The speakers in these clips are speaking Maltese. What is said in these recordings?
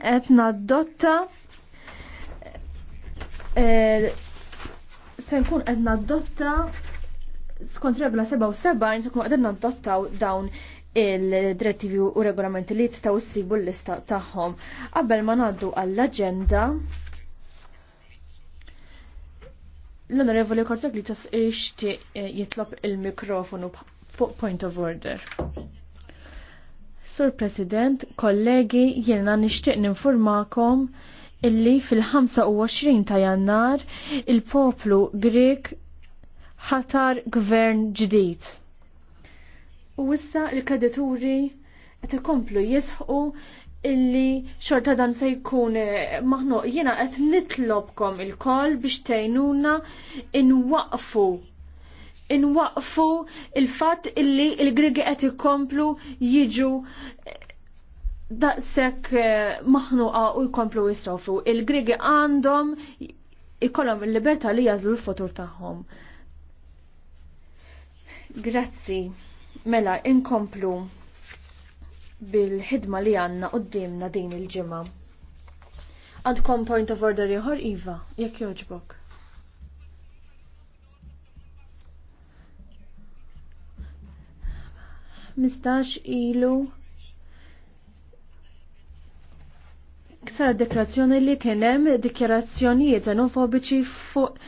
qed nadotta eh, se nkun qed nadotta skont regola 77 se nkun qed nadottaw dawn il-direttivi u regolamenti li s-sibu l-lista tagħhom. Qabel ma ngħaddu għall agenda l-Onorevoli Korzak li tas eh, eh, jitlob il-mikrofonu fuq point of order. Sur President, kollegi, jiena nixtieq ninformakom illi fil-25 ta' jannar il-poplu Grek ħatar gvern ġdid. U issa il-kredituri qed ikomplu jisħu illi xorta dan se jkun eh, maħnuq jiena qed nitlobkom il-koll biex tgħinuna inwaqfu inwaqfu il-fatt illi il-Grigi qed ikomplu jiġu eh, daqshekk eh, maħnuqa u jkomplu jisofru. Il-Grigi għandhom ikollhom il-libertà li jażlu l-futur tagħhom. Grazzi. Mela, inkomplu bil-ħidma li għanna qoddimna din il-ġimgħa. Għandkom point of order ieħor Iva, jekk joġbok. 15 ilu sar deklarazzjoni li kienem dikjarazzjonijiet xenofobiċi fuq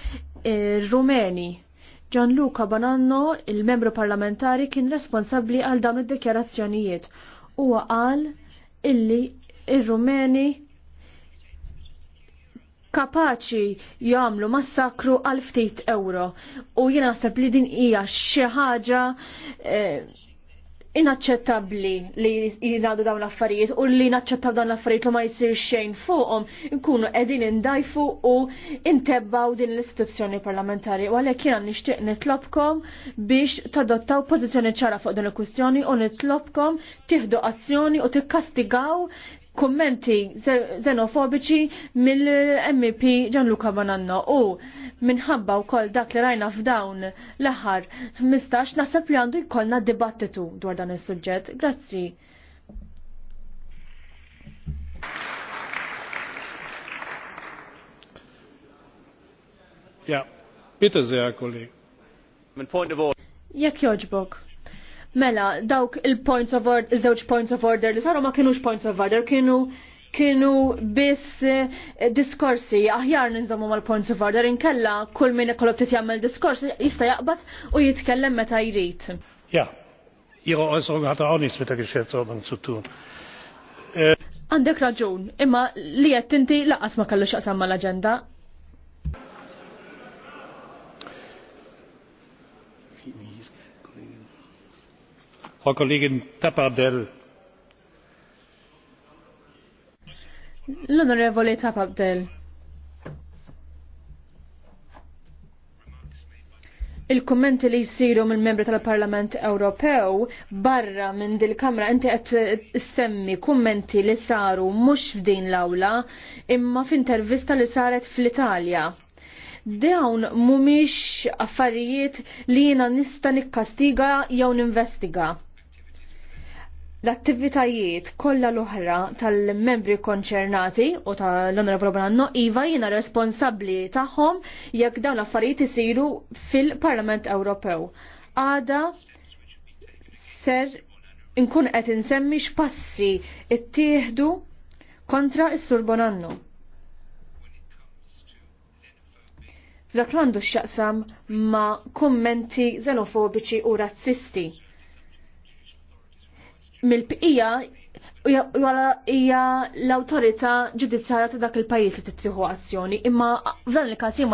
ir-Rumeni. Eh, Gianluca Bonanno, il-membru parlamentari, kien responsabli għal dawn id-dikjarazzjonijiet. Huwa għal illi il rumeni kapaċi jagħmlu massakru għal ftit euro. U jiena naħseb li din hija xi ħaġa eh, inaċċettabbli li jingħadu dawn l-affarijiet u li naċċettaw dawn l-affarijiet li ma jsir xejn fuqhom nkunu qegħdin indajfu u intebbaw din l-istituzzjoni parlamentari u għalhekk jiena nixtieq nitlobkom biex tadottaw pożizzjoni ċara fuq din il-kwistjoni u nitlobkom tieħdu azzjoni u tikkastigaw kummenti xenofobiċi mill-MP Gianluca Bonanno u minħabba u koll dak li rajna f'dawn l-aħħar 15 naħseb li għandu jkollna dibattitu dwar dan is-suġġett. Grazzi. Ja, bitte sehr, kolleg. Jekk joġbok. Mela, dawk il-points of order, il żewġ points of order li saru ma kienux points of order, kienu kienu biss eh, diskorsi aħjar ninżommu mal-porn sufar dar inkella kull min ikollu tit jagħmel diskors jista' jaqbad u jitkellem meta jrid. Ja, Ihre Äußerung hatte auch nichts mit der Geschäftsordnung zu tun. Äh, Għandek raġun, imma li qed inti laqas ma kellux qasam mal-aġenda. Frau Kollegin Tapardell, L-Onorevoli Tapabdel. il-kommenti li jisiru mill-membri tal-Parlament Ewropew barra minn dil-Kamra inti qed semmi kummenti li saru mhux f'din l-awla imma f'intervista li saret fl-Italja. Dawn mhumiex affarijiet li jiena nista' nikkastiga jew ninvestiga l-attivitajiet kollha l-oħra tal-membri konċernati u tal-Onorevole Bonanno iva jiena responsabbli tagħhom jekk dawn l-affarijiet isiru fil-Parlament Ewropew. Għada ser inkun qed insemmi x'passi ttieħdu kontra is-Sur Bonanno. F'dak għandu x'jaqsam ma' kummenti xenofobiċi u razzisti mill-bqija hija l-awtorità ġudizzjarja ta' dak il-pajjiż li tittieħu azzjoni, imma f'dan il-każ